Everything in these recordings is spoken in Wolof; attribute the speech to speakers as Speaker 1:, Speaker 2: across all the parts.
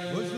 Speaker 1: What's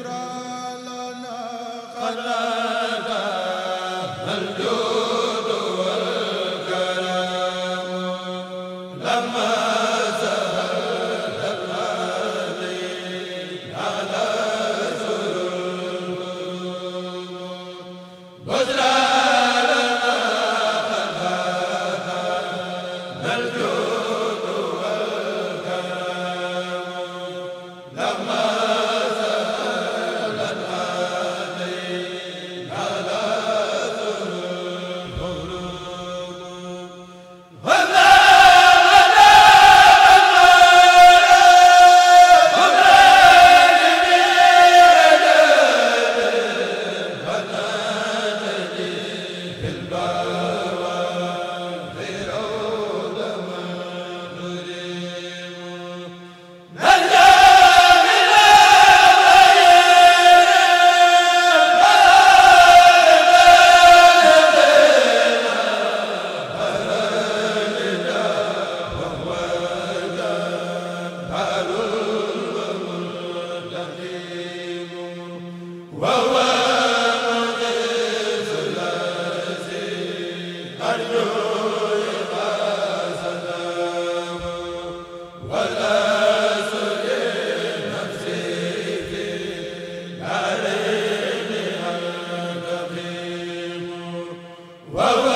Speaker 1: waaw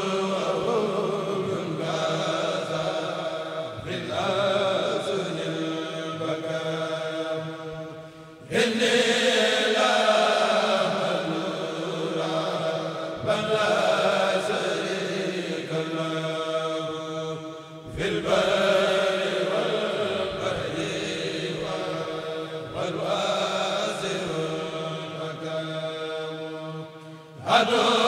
Speaker 1: Allahu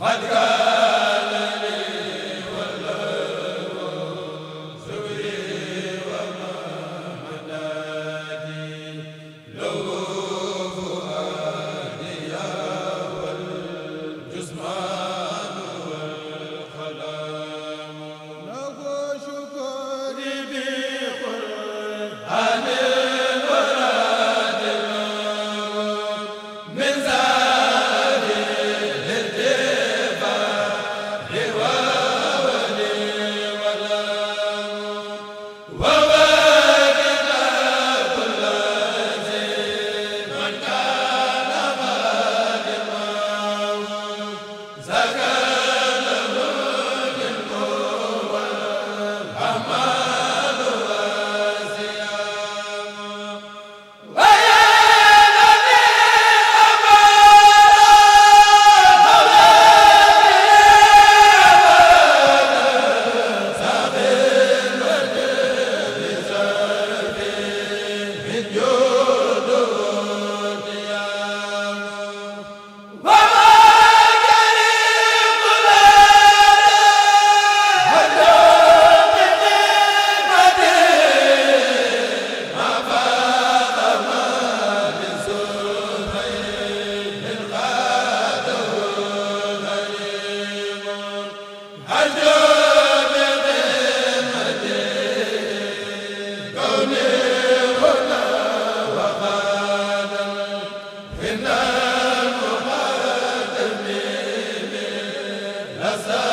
Speaker 1: قد la